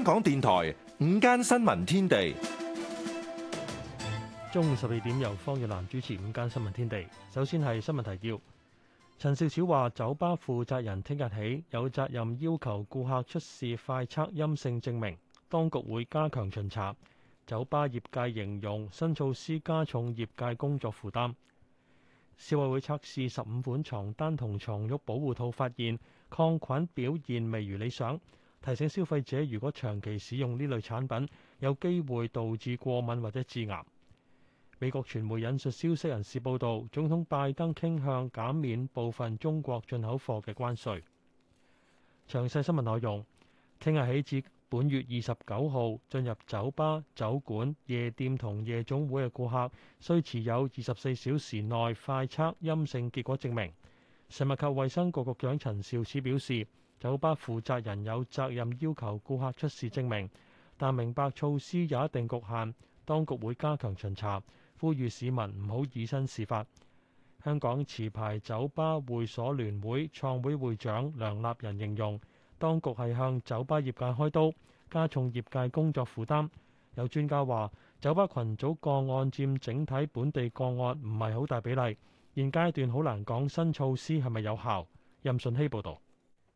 香港電台午間新聞天地，中午十二點由方若蘭主持《午間新聞天地》。首先係新聞提要：陳少少話，酒吧負責人聽日起有責任要求顧客出示快測陰性證明，當局會加強巡查。酒吧業界形容新措施加重業界工作負擔。消委會測試十五款床單同床褥保護套，發現抗菌表現未如理想。提醒消費者，如果長期使用呢類產品，有機會導致過敏或者致癌。美國傳媒引述消息人士報道，總統拜登傾向減免部分中國進口貨嘅關稅。詳細新聞內容，聽日起至本月二十九號，進入酒吧、酒館、夜店同夜總會嘅顧客，需持有二十四小時內快測陰性結果證明。食物及衛生局局長陳肇始表示：酒吧負責人有責任要求顧客出示證明，但明白措施有一定局限。當局會加強巡查，呼籲市民唔好以身試法。香港持牌酒吧會所聯會創會會長梁立仁形容，當局係向酒吧業界開刀，加重業界工作負擔，有專家話酒吧群組個案佔整體本地個案唔係好大比例，現階段好難講新措施係咪有效。任順希報道。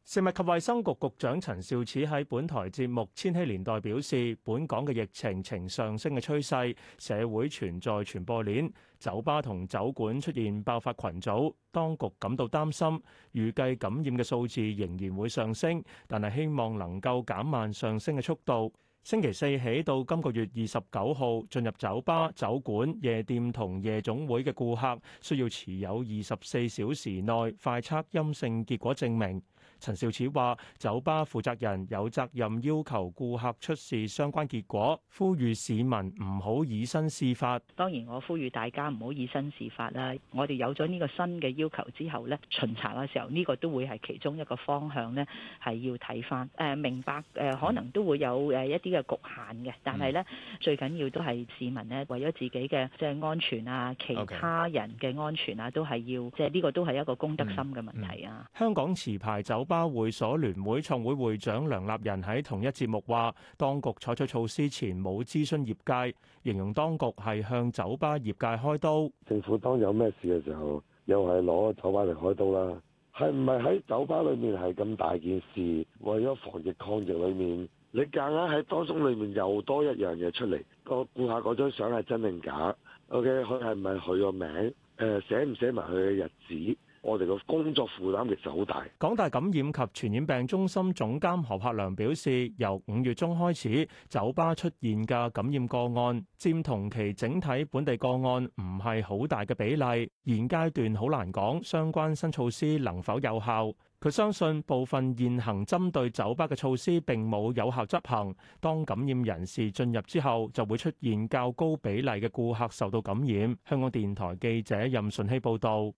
食物及衛生局局長陳肇始喺本台節目《千禧年代》表示，本港嘅疫情呈上升嘅趨勢，社會存在傳播鏈，酒吧同酒館出現爆發群組，當局感到擔心，預計感染嘅數字仍然會上升，但係希望能夠減慢上升嘅速度。星期四起到今個月二十九號，進入酒吧、酒館、夜店同夜總會嘅顧客需要持有二十四小時內快測陰性結果證明。陳肇始話：酒吧負責人有責任要求顧客出示相關結果，呼籲市民唔好以身試法。當然，我呼籲大家唔好以身試法啦。我哋有咗呢個新嘅要求之後呢，巡查嘅時候呢、呢個都會係其中一個方向呢係要睇翻。誒、呃、明白誒、呃，可能都會有誒一啲嘅局限嘅，但係呢，嗯、最緊要都係市民呢為咗自己嘅即係安全啊，其他人嘅安全啊，都係要即係呢個都係一個公德心嘅問題啊、嗯嗯嗯。香港持牌酒吧。巴會所聯會創會會長梁立仁喺同一節目話，當局採取措施前冇諮詢業界，形容當局係向酒吧業界開刀。政府當有咩事嘅時候，又係攞酒吧嚟開刀啦。係唔係喺酒吧裏面係咁大件事？為咗防疫抗疫裏面，你夾硬喺當中裏面又多一樣嘢出嚟，個顧客嗰張相係真定假？OK，佢係唔係佢個名？誒、呃，寫唔寫埋佢嘅日子？我哋個工作負擔其實好大。港大感染及傳染病中心總監何柏良表示，由五月中開始，酒吧出現嘅感染個案，佔同期整體本地個案唔係好大嘅比例。現階段好難講相關新措施能否有效。佢相信部分現行針對酒吧嘅措施並冇有，有效執行。當感染人士進入之後，就會出現較高比例嘅顧客受到感染。香港電台記者任順希報道。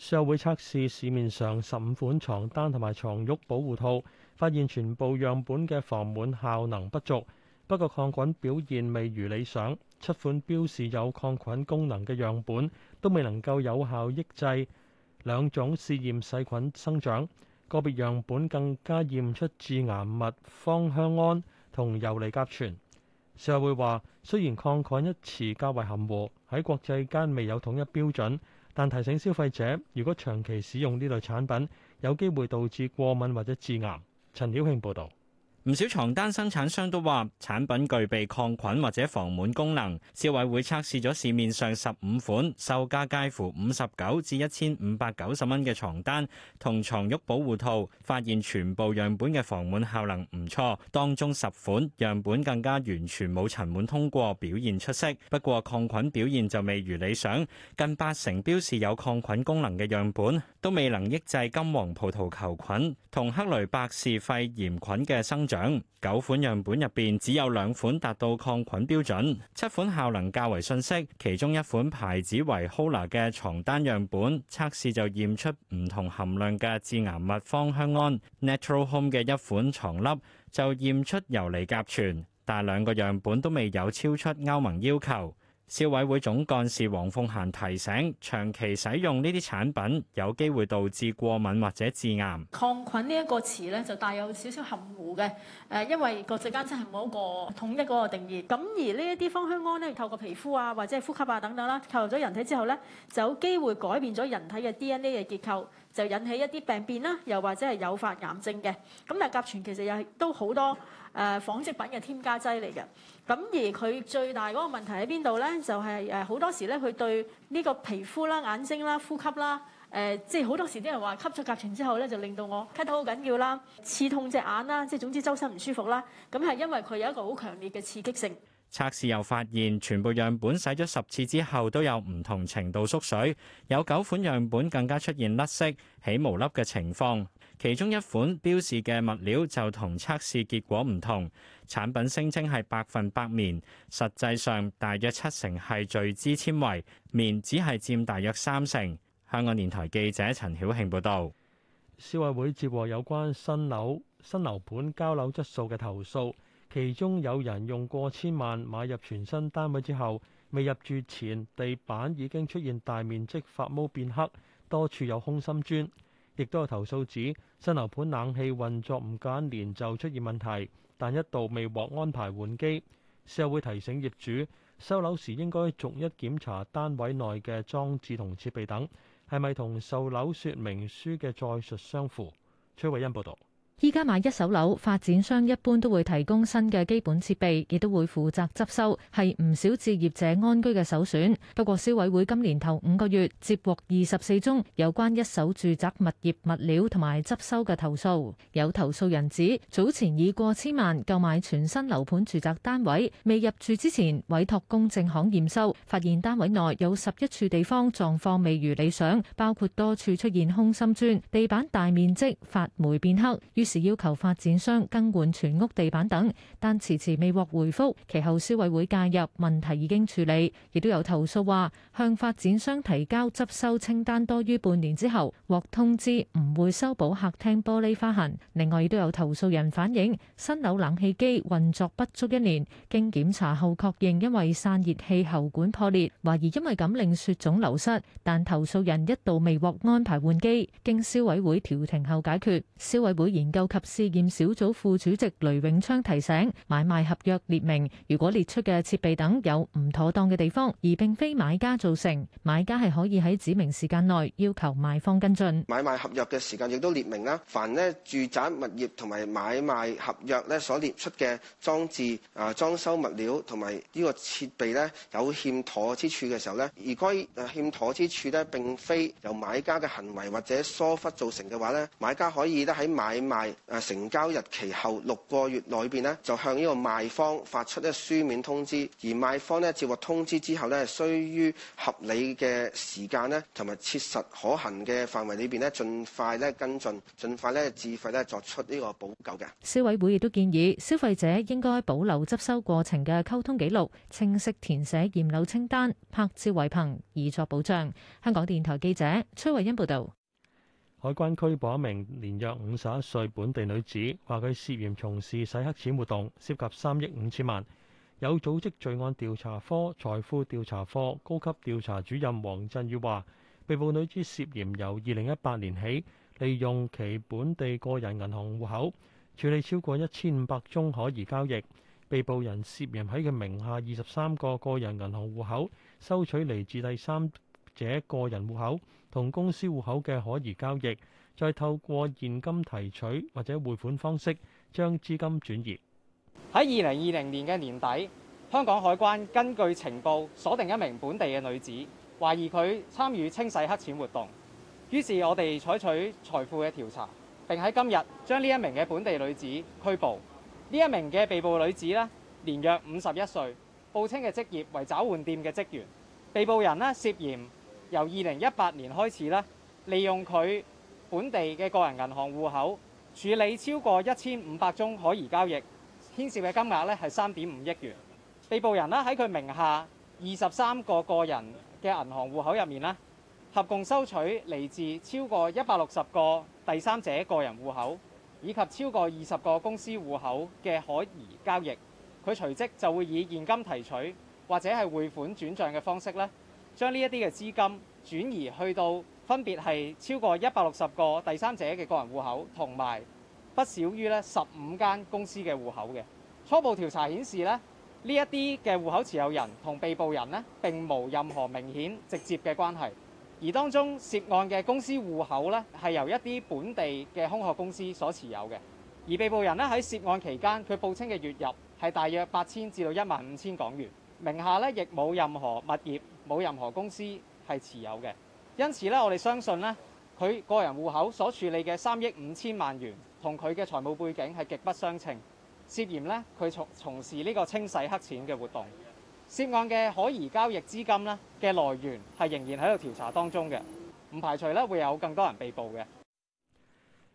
社會測試市面上十五款床單同埋床褥保護套，發現全部樣本嘅防蟎效能不足。不過抗菌表現未如理想，七款標示有抗菌功能嘅樣本都未能夠有效抑制兩種試驗細菌生長。個別樣本更加驗出致癌物芳香胺同游離甲醛。社會話，雖然抗菌一詞較為含糊，喺國際間未有統一標準。但提醒消費者，如果長期使用呢類產品，有機會導致過敏或者致癌。陳曉慶報導。唔少床單生產商都話產品具備抗菌或者防蟎功能。消委會測試咗市面上十五款售價介乎五十九至一千五百九十蚊嘅床單同床褥保護套，發現全部樣本嘅防蟎效能唔錯，當中十款樣本更加完全冇塵蟎通過，表現出色。不過抗菌表現就未如理想，近八成標示有抗菌功能嘅樣本都未能抑制金黃葡萄球菌同克雷伯氏肺炎菌嘅生。獎九款樣本入面只有兩款達到抗菌標準，七款效能較為遜色。其中一款牌子為 Hola 嘅床單樣本測試就驗出唔同含量嘅致癌物芳香胺，Natural Home 嘅一款床笠，就驗出游離甲醛，但兩個樣本都未有超出歐盟要求。消委會總幹事黃鳳嫻提醒，長期使用呢啲產品，有機會導致過敏或者致癌。抗菌呢一個詞咧，就帶有少少含糊嘅。誒，因為國際間真係冇一個統一嗰個定義。咁而呢一啲芳香胺咧，透過皮膚啊，或者係呼吸啊等等啦，摺入咗人體之後咧，就有機會改變咗人體嘅 DNA 嘅結構，就引起一啲病變啦、啊，又或者係誘發癌症嘅。咁但甲醛其實又係都好多。誒，紡織品嘅添加劑嚟嘅，咁而佢最大嗰個問題喺邊度咧？就係誒，好多時咧，佢對呢個皮膚啦、眼睛啦、呼吸啦，誒、呃、即係好多時啲人話吸咗甲醛之後咧，就令到我咳得好緊要啦、刺痛隻眼啦，即係總之周身唔舒服啦。咁係因為佢有一個好強烈嘅刺激性。測試又發現，全部樣本洗咗十次之後都有唔同程度縮水，有九款樣本更加出現甩色、起毛粒嘅情況。其中一款標示嘅物料就同測試結果唔同，產品聲稱係百分百棉，實際上大約七成係聚酯纖維，棉只係佔大約三成。香港電台記者陳曉慶報導。消委會接獲有關新樓、新樓盤交樓質素嘅投訴，其中有人用過千萬買入全新單位之後，未入住前地板已經出現大面積發毛變黑，多處有空心磚。亦都有投訴指新樓盤冷氣運作唔夠一年就出現問題，但一度未獲安排換機。社會提醒業主收樓時應該逐一檢查單位內嘅裝置同設備等，係咪同售樓說明書嘅載述相符。崔慧欣報導。依家買一手樓，發展商一般都會提供新嘅基本設備，亦都會負責執收，係唔少置業者安居嘅首選。不過消委會今年頭五個月接獲二十四宗有關一手住宅物業物料同埋執收嘅投訴，有投訴人指早前已過千萬購買全新樓盤住宅單位，未入住之前委託公證行驗收，發現單位內有十一處地方狀況未如理想，包括多處出現空心磚、地板大面積發霉變黑。是要求發展商更換全屋地板等，但遲遲未獲回覆。其後消委會介入，問題已經處理。亦都有投訴話向發展商提交執修清單多於半年之後，獲通知唔會修補客廳玻璃花痕。另外亦都有投訴人反映新樓冷氣機運作不足一年，經檢查後確認因為散熱器喉管破裂，懷疑因為咁令雪種流失。但投訴人一度未獲安排換機，經消委會調停後解決。消委會研究及試驗小組副主席雷永昌提醒，買賣合約列明，如果列出嘅設備等有唔妥當嘅地方，而並非買家造成，買家係可以喺指明時間內要求賣方跟進。買賣合約嘅時間亦都列明啦，凡咧住宅物業同埋買賣合約咧所列出嘅裝置啊、裝修物料同埋呢個設備咧有欠妥之處嘅時候咧，而該欠妥之處咧並非由買家嘅行為或者疏忽造成嘅話咧，買家可以咧喺買賣係成交日期後六個月內邊呢就向呢個賣方發出呢書面通知，而賣方咧接獲通知之後咧，須於合理嘅時間呢同埋切實可行嘅範圍裏邊呢盡快咧跟進，盡快咧自費咧作出呢個補救嘅。消 委會亦都建議消費者應該保留執收過程嘅溝通記錄，清晰填寫驗樓清單，拍照為憑，以作保障。香港電台記者崔慧欣報道。海關拘捕一名年約五十一歲本地女子，話佢涉嫌從事洗黑錢活動，涉及三億五千萬。有組織罪案調查科財富調查科高級調查主任黃振宇話，被捕女子涉嫌由二零一八年起，利用其本地個人銀行戶口處理超過一千五百宗可疑交易。被捕人涉嫌喺佢名下二十三個個人銀行戶口收取嚟自第三者個人戶口同公司戶口嘅可疑交易，再透過現金提取或者匯款方式將資金轉移。喺二零二零年嘅年底，香港海關根據情報鎖定一名本地嘅女子，懷疑佢參與清洗黑錢活動。於是，我哋採取財富嘅調查，並喺今日將呢一名嘅本地女子拘捕。呢一名嘅被捕女子呢，年約五十一歲，報稱嘅職業為找換店嘅職員。被捕人呢，涉嫌，由二零一八年開始咧，利用佢本地嘅個人銀行戶口處理超過一千五百宗可疑交易，牽涉嘅金額咧係三點五億元。被捕人啦喺佢名下二十三個個人嘅銀行戶口入面啦，合共收取嚟自超過一百六十個第三者個人戶口以及超過二十個公司戶口嘅可疑交易，佢隨即就會以現金提取或者係匯款轉賬嘅方式咧。將呢一啲嘅資金轉移去到分別係超過一百六十個第三者嘅個人戶口，同埋不少於咧十五間公司嘅戶口嘅。初步調查顯示咧，呢一啲嘅戶口持有人同被捕人咧並無任何明顯直接嘅關係，而當中涉案嘅公司戶口咧係由一啲本地嘅空殼公司所持有嘅，而被捕人咧喺涉案期間佢報稱嘅月入係大約八千至到一萬五千港元，名下咧亦冇任何物業。冇任何公司係持有嘅，因此咧，我哋相信咧，佢個人戶口所處理嘅三億五千萬元同佢嘅財務背景係極不相稱，涉嫌咧佢從從事呢個清洗黑錢嘅活動。涉案嘅可疑交易資金咧嘅來源係仍然喺度調查當中嘅，唔排除咧會有更多人被捕嘅。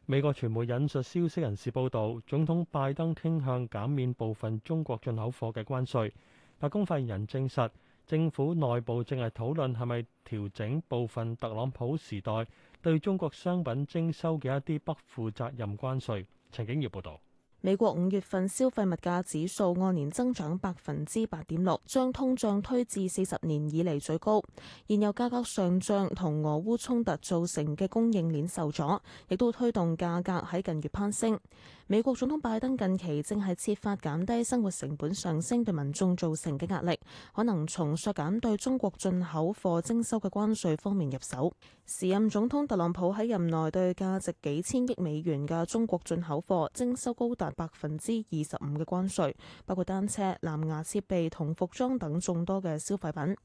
美國傳媒引述消息人士報道，總統拜登傾向減免部分中國進口貨嘅關稅。白宮發言人證實。政府內部正係討論係咪調整部分特朗普時代對中國商品徵收嘅一啲不負責任關稅。陳景業報導。美國五月份消費物價指數按年增長百分之八點六，將通脹推至四十年以嚟最高。現有價格上漲同俄烏衝突造成嘅供應鏈受阻，亦都推動價格喺近月攀升。美國總統拜登近期正係設法減低生活成本上升對民眾造成嘅壓力，可能從削減對中國進口貨徵收嘅關稅方面入手。時任總統特朗普喺任內對價值幾千億美元嘅中國進口貨徵收高達百分之二十五嘅關稅，包括單車、藍牙設備同服裝等眾多嘅消費品。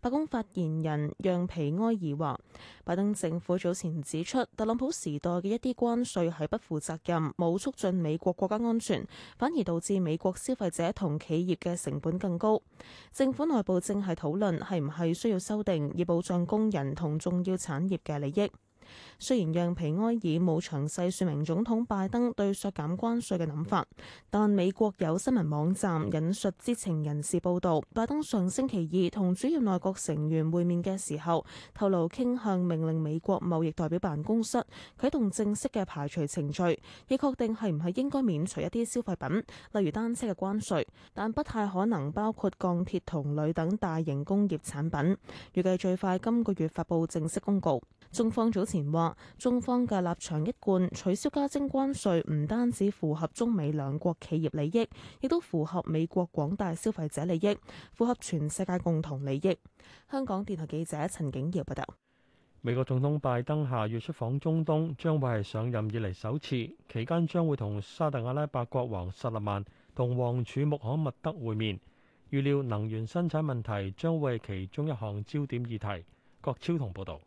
白宮發言人讓皮埃爾話，拜登政府早前指出，特朗普時代嘅一啲關稅係不負責任，冇促進美國國家安全，反而導致美國消費者同企業嘅成本更高。政府內部正係討論係唔係需要修訂，以保障工人同重要產業嘅利益。雖然讓皮埃爾冇詳細說明總統拜登對削減關稅嘅諗法，但美國有新聞網站引述知情人士報道，拜登上星期二同主要內閣成員會面嘅時候，透露傾向命令美國貿易代表辦公室啟動正式嘅排除程序，以確定係唔係應該免除一啲消費品，例如單車嘅關稅，但不太可能包括鋼鐵同鋁等大型工業產品。預計最快今個月發布正式公告。中方早前話，中方嘅立場一貫取消加徵關稅，唔單止符合中美兩國企業利益，亦都符合美國廣大消費者利益，符合全世界共同利益。香港電台記者陳景瑤報道。美國總統拜登下月出訪中東，將會係上任以嚟首次，期間將會同沙特阿拉伯國王薩勒曼同王儲穆罕默德會面。預料能源生產問題將為其中一項焦點議題。郭超同報道。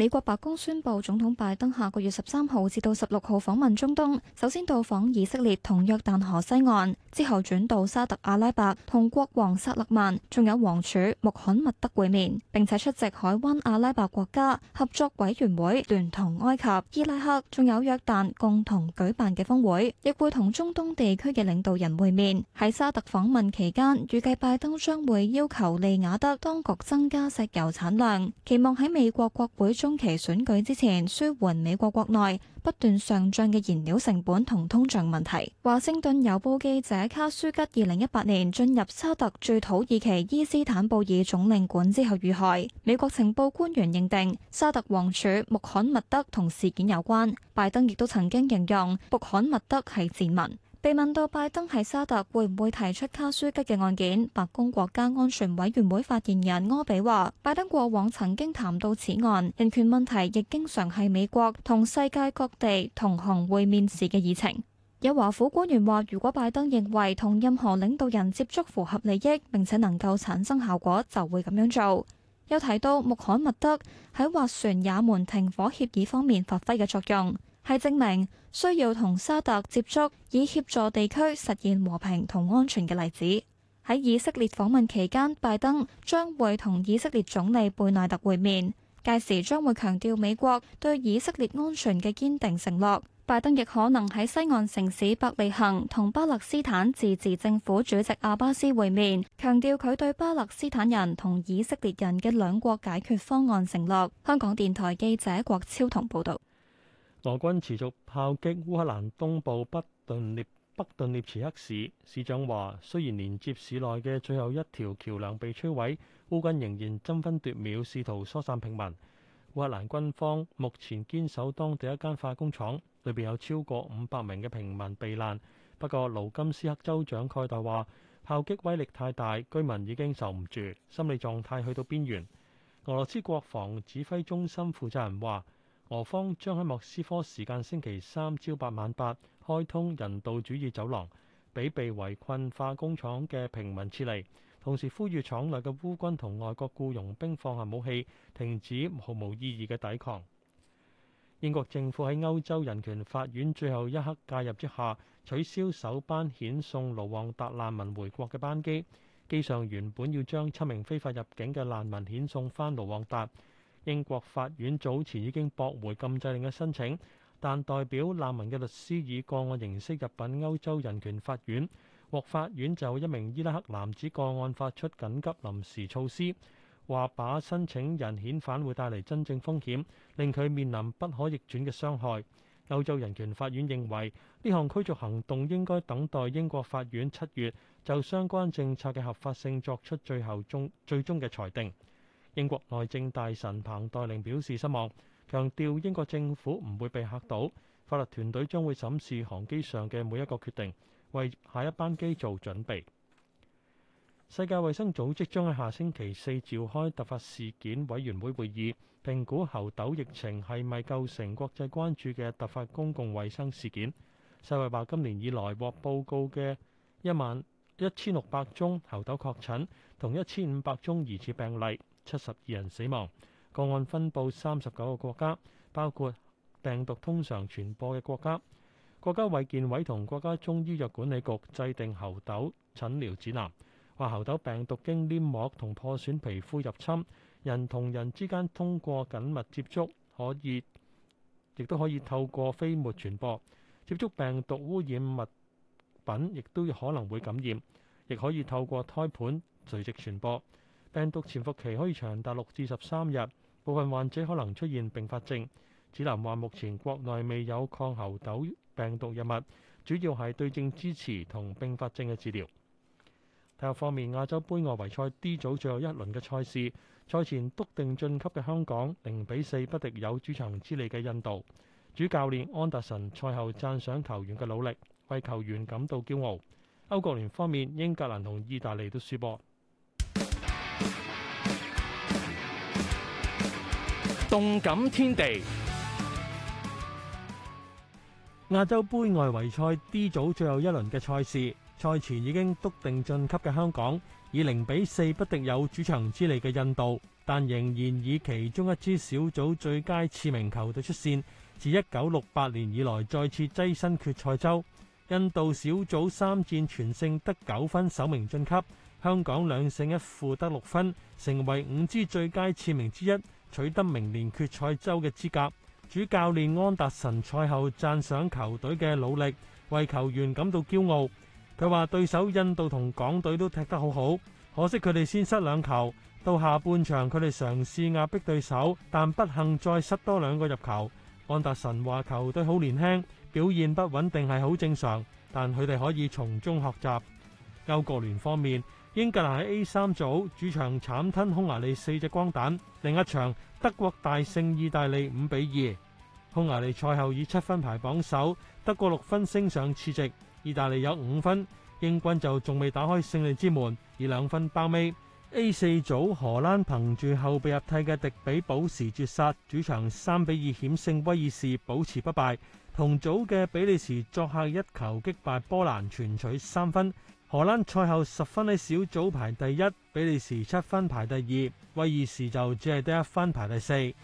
美國白宮宣布，總統拜登下個月十三號至到十六號訪問中東，首先到訪以色列同約旦河西岸，之後轉到沙特阿拉伯同國王薩勒曼，仲有王儲穆罕默德會面，並且出席海灣阿拉伯國家合作委員會聯同埃及、伊拉克仲有約旦共同舉辦嘅峰會，亦會同中東地區嘅領導人會面。喺沙特訪問期間，預計拜登將會要求利雅得當局增加石油產量，期望喺美國國會中。中期選舉之前，舒緩美國國內不斷上漲嘅燃料成本同通脹問題。華盛頓郵報記者卡舒吉二零一八年進入沙特駐土耳其伊斯坦布爾總領館之後遇害，美國情報官員認定沙特王儲穆罕默德同事件有關。拜登亦都曾經形容穆罕默德係賤民。被問到拜登喺沙特會唔會提出卡舒吉嘅案件，白宮國家安全委員會發言人柯比話：拜登過往曾經談到此案，人權問題亦經常係美國同世界各地同行會面時嘅議程。有華府官員話：如果拜登認為同任何領導人接觸符合利益並且能夠產生效果，就會咁樣做。又提到穆罕默德喺斡旋也門停火協議方面發揮嘅作用。係證明需要同沙特接觸，以協助地區實現和平同安全嘅例子。喺以色列訪問期間，拜登將會同以色列總理貝奈特會面，屆時將會強調美國對以色列安全嘅堅定承諾。拜登亦可能喺西岸城市伯利恒同巴勒斯坦自治政府主席阿巴斯會面，強調佢對巴勒斯坦人同以色列人嘅兩國解決方案承諾。香港電台記者郭超同報道。俄軍持續炮擊烏克蘭東部北頓涅北頓涅茨克市，市長話：雖然連接市內嘅最後一條橋梁被摧毀，烏軍仍然爭分奪秒試圖疏散平民。烏克蘭軍方目前堅守當地一間化工廠，裏邊有超過五百名嘅平民避難。不過，盧甘斯克州長蓋代話：炮擊威力太大，居民已經受唔住，心理狀態去到邊緣。俄羅斯國防指揮中心負責人話。俄方將喺莫斯科時間星期三朝八晚八開通人道主義走廊，俾被圍困化工廠嘅平民撤離，同時呼籲廠內嘅烏軍同外國僱傭兵放下武器，停止毫無意義嘅抵抗。英國政府喺歐洲人權法院最後一刻介入之下，取消首班遣送盧旺達難民回國嘅班機，機上原本要將七名非法入境嘅難民遣送翻盧旺達。英國法院早前已經駁回禁制令嘅申請，但代表難民嘅律師以個案形式入禀歐洲人權法院，獲法院就一名伊拉克男子個案發出緊急臨時措施，話把申請人遣返會帶嚟真正風險，令佢面臨不可逆轉嘅傷害。歐洲人權法院認為，呢項驅逐行動應該等待英國法院七月就相關政策嘅合法性作出最後終最終嘅裁定。英國內政大臣彭黛玲表示失望，強調英國政府唔會被嚇到。法律團隊將會審視航機上嘅每一個決定，為下一班機做準備。世界衛生組織將喺下星期四召開突發事件委員會會議，評估猴痘疫情係咪構成國際關注嘅突發公共衛生事件。世衛話今年以來獲報告嘅一萬一千六百宗猴痘確診，同一千五百宗疑似病例。七十二人死亡，個案分布三十九個國家，包括病毒通常傳播嘅國家。國家衛健委同國家中醫藥管理局制定猴痘診療指南，話猴痘病毒經黏膜同破損皮膚入侵，人同人之間通過緊密接觸可以，亦都可以透過飛沫傳播，接觸病毒污染物品亦都可能會感染，亦可以透過胎盤垂直傳播。病毒潛伏期可以長達六至十三日，部分患者可能出現併發症。指南話，目前國內未有抗猴痘病毒藥物，主要係對症支持同併發症嘅治療。體育方面，亞洲盃外圍賽 D 組最後一輪嘅賽事，賽前篤定晉級嘅香港零比四不敵有主場之利嘅印度。主教練安達臣賽後讚賞球員嘅努力，為球員感到驕傲。歐國聯方面，英格蘭同意大利都輸波。動感天地，亞洲盃外圍賽 D 組最後一輪嘅賽事，賽前已經篤定晉級嘅香港以零比四不敵有主場之利嘅印度，但仍然以其中一支小組最佳次名球隊出線，自一九六八年以來再次躋身決賽周。印度小組三戰全勝得九分，首名晉級；香港兩勝一負得六分，成為五支最佳次名之一。取得明年決賽周嘅資格，主教練安達臣賽後讚賞球隊嘅努力，為球員感到驕傲。佢話對手印度同港隊都踢得好好，可惜佢哋先失兩球。到下半場佢哋嘗試壓迫對手，但不幸再失多兩個入球。安達臣話球隊好年輕，表現不穩定係好正常，但佢哋可以從中學習。歐國聯方面，英格蘭喺 A 三組主場慘吞匈牙利四隻光蛋，另一場德國大勝意大利五比二，匈牙利賽後以七分排榜首，德國六分升上次席，意大利有五分，英軍就仲未打開勝利之門，以兩分包尾。A 四組荷蘭憑住後備入替嘅迪比保時絕殺，主場三比二險勝威爾士，保持不敗。同組嘅比利時作客一球擊敗波蘭，全取三分。荷蘭賽後十分喺小組排第一，比利時七分排第二，威爾士就只係得一分排第四。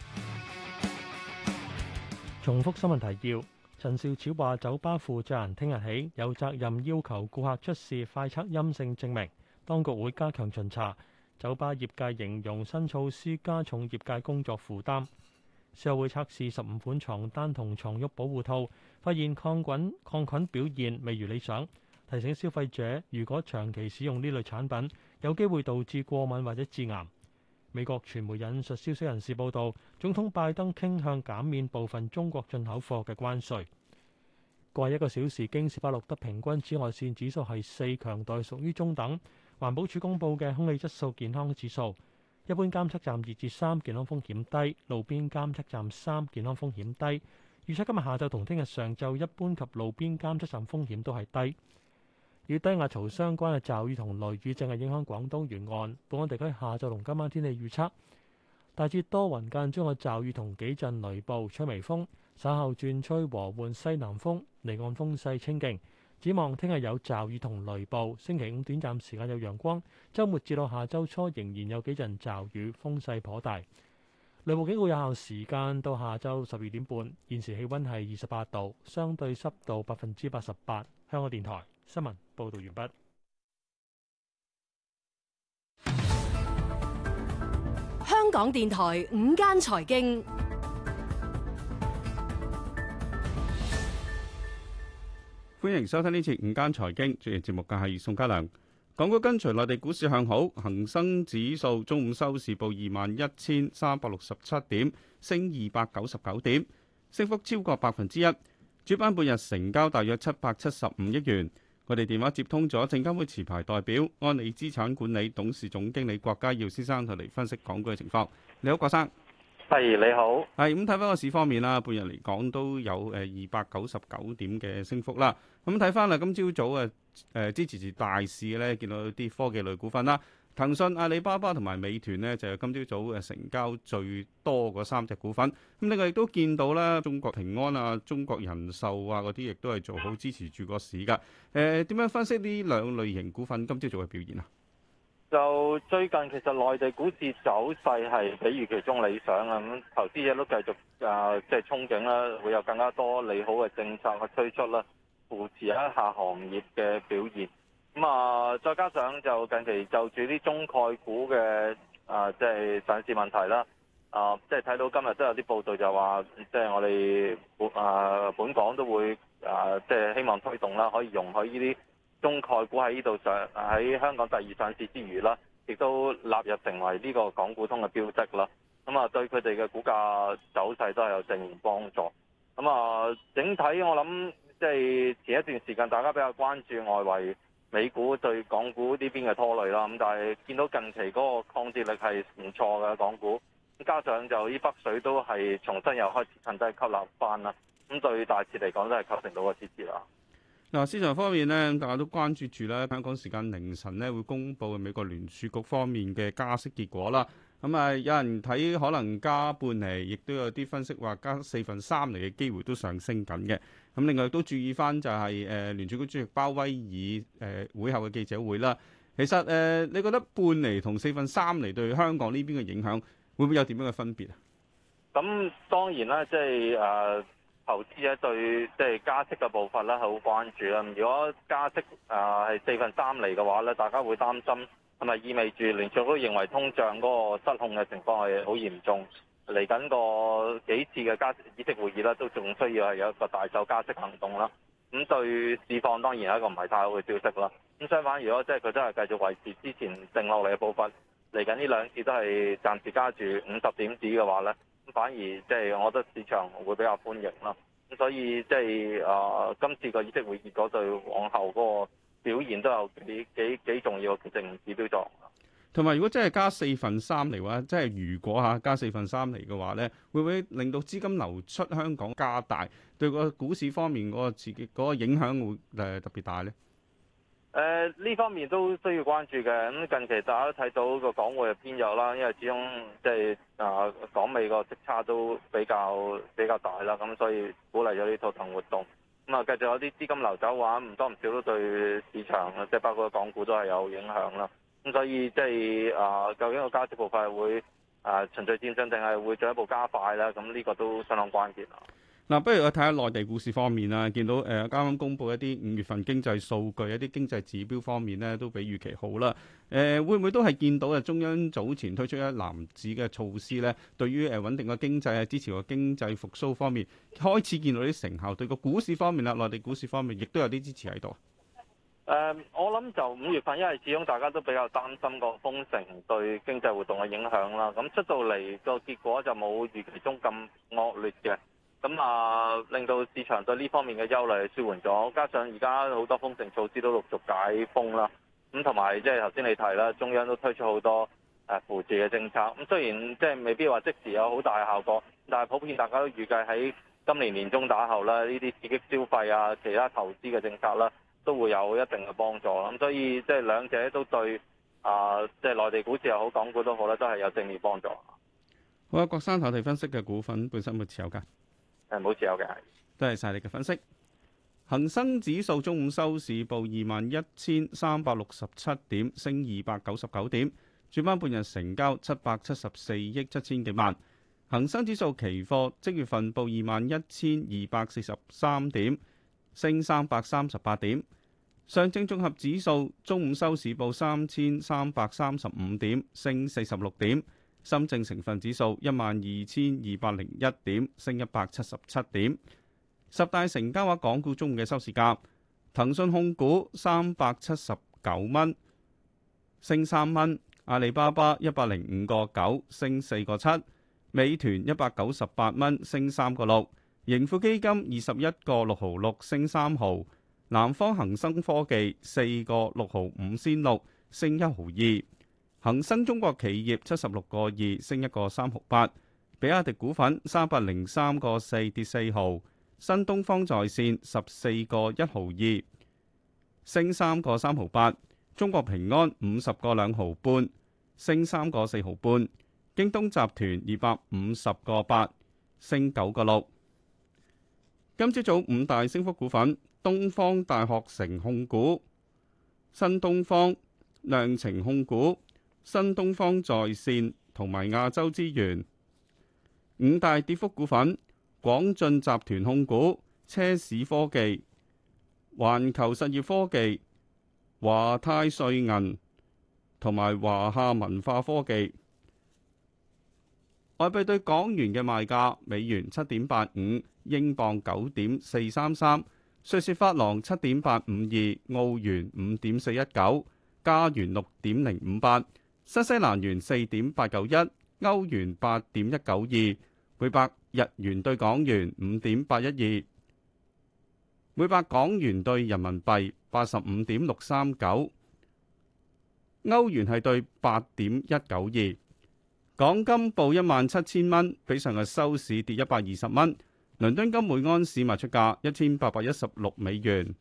重複新聞提要：陳肇始話，酒吧負責人聽日起有責任要求顧客出示快測陰性證明，當局會加強巡查。酒吧業界形容新措施加重業界工作負擔。消委會測試十五款床單同床褥保護套，發現抗菌抗菌表現未如理想。提醒消費者，如果長期使用呢類產品，有機會導致過敏或者致癌。美國傳媒引述消息人士報導，總統拜登傾向減免部分中國進口貨嘅關稅。過一個小時，京士柏錄得平均紫外線指數係四，強度屬於中等。環保署公布嘅空氣質素健康指數，一般監測站二至三，健康風險低；路邊監測站三，健康風險低。預測今日下晝同聽日上晝，一般及路邊監測站風險都係低。與低壓槽相關嘅驟雨同雷雨正係影響廣東沿岸。本港地區下晝同今晚天氣預測大致多雲間中有驟雨同幾陣雷暴，吹微風，稍後轉吹和緩西南風，離岸風勢清勁。展望聽日有驟雨同雷暴，星期五短暫時間有陽光，周末至到下周初仍然有幾陣驟雨，風勢頗大。雷暴警告有效時間到下晝十二點半。現時氣温係二十八度，相對濕度百分之八十八。香港電台新聞。報道完畢。香港電台午間財經，歡迎收聽呢次午間財經專業節目嘅係宋嘉良。港股跟隨內地股市向好，恒生指數中午收市報二萬一千三百六十七點，升二百九十九點，升幅超過百分之一。主板半日成交大約七百七十五億元。我哋電話接通咗證監會持牌代表安理資產管理董事總經理郭家耀先生，同嚟分析港股嘅情況。你好，郭生。係、hey, 你好。係咁睇翻個市方面啦，半日嚟講都有誒二百九十九點嘅升幅啦。咁睇翻啦，今朝早誒誒、呃、支持住大市咧，見到啲科技類股份啦。騰訊、阿里巴巴同埋美團呢，就係今朝早嘅成交最多嗰三隻股份。咁另外亦都見到啦，中國平安啊、中國人壽啊嗰啲，亦都係做好支持住個市㗎。誒、呃，點樣分析呢兩類型股份今朝早嘅表現啊？就最近其實內地股市走勢係比預期中理想啊，咁投資者都繼續啊，即係憧憬啦，會有更加多利好嘅政策去推出啦，扶持一下行業嘅表現。咁啊、嗯，再加上就近期就住啲中概股嘅啊，即、呃、係、就是、上市問題啦，啊、呃，即係睇到今日都有啲報道就話即係我哋本啊、呃、本港都會啊，即、呃、係、就是、希望推動啦，可以容許呢啲中概股喺呢度上喺香港第二上市之餘啦，亦都納入成為呢個港股通嘅標的啦。咁啊、嗯，對佢哋嘅股價走勢都係有正面幫助。咁、嗯、啊、呃，整體我諗即係前一段時間大家比較關注外圍。美股對港股呢邊嘅拖累啦，咁但係見到近期嗰個抗跌力係唔錯嘅港股，加上就啲北水都係重新又開始趁低吸納翻啦，咁對大市嚟講都係構成到個支持啦。嗱、啊，市場方面咧，大家都關注住咧。香港時間凌晨咧，會公布美國聯儲局方面嘅加息結果啦。咁、嗯、啊，有人睇可能加半厘，亦都有啲分析話加四分三厘嘅機會都上升緊嘅。咁、嗯、另外都注意翻就係、是、誒、呃、聯儲局主席鮑威爾誒、呃、會後嘅記者會啦。其實誒、呃，你覺得半厘同四分三厘對香港呢邊嘅影響會唔會有點樣嘅分別啊？咁當然啦，即係啊～、uh 投資咧對即係加息嘅步伐咧好關注啦。如果加息啊係四分三厘嘅話咧，大家會擔心係咪意味住聯儲都認為通脹嗰個失控嘅情況係好嚴重？嚟緊個幾次嘅加息議息會議咧，都仲需要係有一個大手加息行動啦。咁對市況當然係一個唔係太好嘅消息啦。咁相反，如果即係佢真係繼續維持之前剩落嚟嘅步伐，嚟緊呢兩次都係暫時加住五十點子嘅話咧。反而即係，就是、我覺得市場會比較歡迎咯。咁所以即係，誒、就是呃，今次個議息會議結果對往後嗰個表現都有幾幾幾重要嘅決定指標作。同埋，如果真係加四分三嚟話，即係如果吓加四分三嚟嘅話咧，會唔會令到資金流出香港加大，對個股市方面嗰個刺激，嗰個影響會誒特別大咧？誒，呢、呃、方面都需要關注嘅。咁近期大家都睇到個港匯偏弱啦，因為始終即係啊，港美個息差都比較比較大啦，咁所以鼓勵咗呢套息活動。咁啊，繼續有啲資金流走嘅話，唔多唔少都對市場，即係包括港股都係有影響啦。咁所以即係啊，究竟個加息步伐會啊、呃、循序漸進，定係會進一步加快咧？咁呢個都相當關鍵啊！嗱、啊，不如我睇下內地股市方面啦。見到誒，啱、呃、啱公布一啲五月份經濟數據，一啲經濟指標方面咧，都比預期好啦。誒、呃，會唔會都係見到啊？中央早前推出一籃子嘅措施咧，對於誒穩定嘅經濟啊、支持個經濟復甦方面，開始見到啲成效。對個股市方面啦，內地股市方面亦都有啲支持喺度。誒、呃，我諗就五月份，因為始終大家都比較擔心個封城對經濟活動嘅影響啦。咁出到嚟個結果就冇預期中咁惡劣嘅。咁啊，令到市場對呢方面嘅憂慮舒緩咗，加上而家好多封城措施都陸續解封啦。咁同埋即係頭先你提啦，中央都推出好多誒扶持嘅政策。咁雖然即係未必話即時有好大嘅效果，但係普遍大家都預計喺今年年中打後咧，呢啲刺激消費啊、其他投資嘅政策啦、啊，都會有一定嘅幫助。咁所以即係兩者都對啊，即係內地股市又好、港股都好啦，都係有正面幫助。好啊，郭生，頭地分析嘅股份本身冇持有嘅。誒，冇自由嘅。多謝晒你嘅分析。恒生指數中午收市報二萬一千三百六十七點，升二百九十九點。主板半日成交七百七十四億七千幾萬。恒生指數期貨即月份報二萬一千二百四十三點，升三百三十八點。上證綜合指數中午收市報三千三百三十五點，升四十六點。深證成分指數一萬二千二百零一點，升一百七十七點。十大成交額港股中嘅收市價：騰訊控股三百七十九蚊，升三蚊；阿里巴巴一百零五個九，升四個七；美團一百九十八蚊，升三個六；盈富基金二十一個六毫六，升三毫；南方恒生科技四個六毫五仙六，升一毫二。恒生中國企業七十六個二升一個三毫八，比亞迪股份三百零三個四跌四毫，新東方在線十四個一毫二升三個三毫八，中國平安五十個兩毫半升三個四毫半，京東集團二百五十個八升九個六。今朝早五大升幅股份：東方大學城控股、新東方、量程控股。新東方在綫同埋亞洲資源。五大跌幅股份：廣進集團控股、車市科技、環球實業科技、華泰瑞銀同埋華夏文化科技。外幣對港元嘅賣價：美元七點八五，英鎊九點四三三，瑞士法郎七點八五二，澳元五點四一九，加元六點零五八。新西蘭元四點八九一，歐元八點一九二，每百日元兌港元五點八一二，每百港元兌人民幣八十五點六三九，歐元係兌八點一九二，港金報一萬七千蚊，比上日收市跌一百二十蚊，倫敦金每安士賣出價一千八百一十六美元。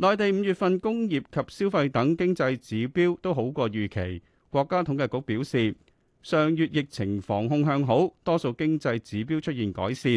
內地五月份工業及消費等經濟指標都好過預期，國家統計局表示，上月疫情防控向好，多數經濟指標出現改善，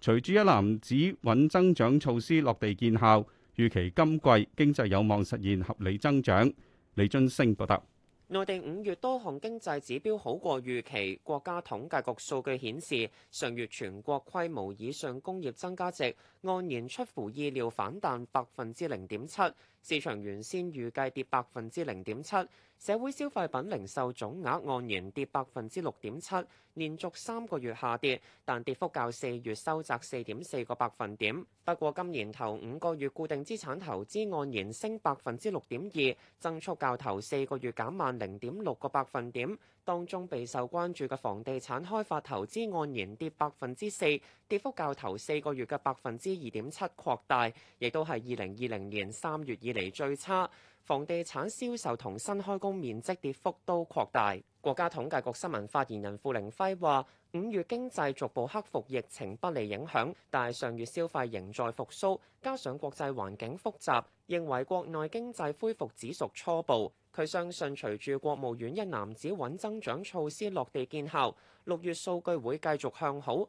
隨住一攬子穩增長措施落地見效，預期今季經濟有望實現合理增長。李津升報道。內地五月多項經濟指標好過預期，國家統計局數據顯示，上月全國規模以上工業增加值按年出乎意料反彈百分之零點七，市場原先預計跌百分之零點七。社會消費品零售總額按年跌百分之六點七，連續三個月下跌，但跌幅較四月收窄四點四個百分點。不過，今年頭五個月固定資產投資按年升百分之六點二，增速較頭四個月減慢零點六個百分點。當中備受關注嘅房地產開發投資按年跌百分之四，跌幅較頭四個月嘅百分之二點七擴大，亦都係二零二零年三月以嚟最差。房地產銷售同新開工面積跌幅都擴大。國家統計局新聞發言人傅凌輝話：五月經濟逐步克服疫情不利影響，但上月消費仍在復甦，加上國際環境複雜，認為國內經濟恢復只屬初步。佢相信隨住國務院一攬子穩增長措施落地見效，六月數據會繼續向好。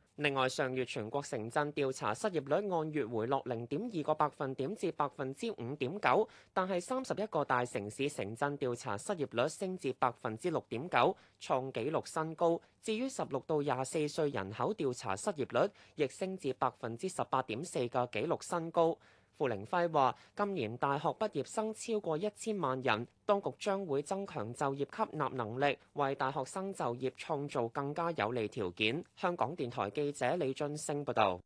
另外，上月全國城鎮調查失業率按月回落零點二個百分點至百分之五點九，但係三十一個大城市城鎮調查失業率升至百分之六點九，創紀錄新高。至於十六到廿四歲人口調查失業率，亦升至百分之十八點四嘅紀錄新高。傅玲輝話：今年大學畢業生超過一千萬人，當局將會增強就業吸納能力，為大學生就業創造更加有利條件。香港電台記者李俊升報道。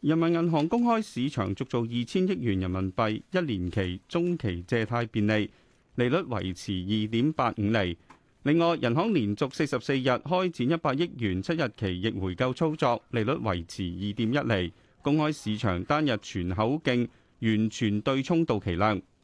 人民銀行公開市場續做二千億元人民幣一年期、中期借貸便利，利率維持二點八五厘。另外，人行連續四十四日開展一百億元七日期逆回購操作，利率維持二點一厘。公開市場單日全口徑完全對沖到期量。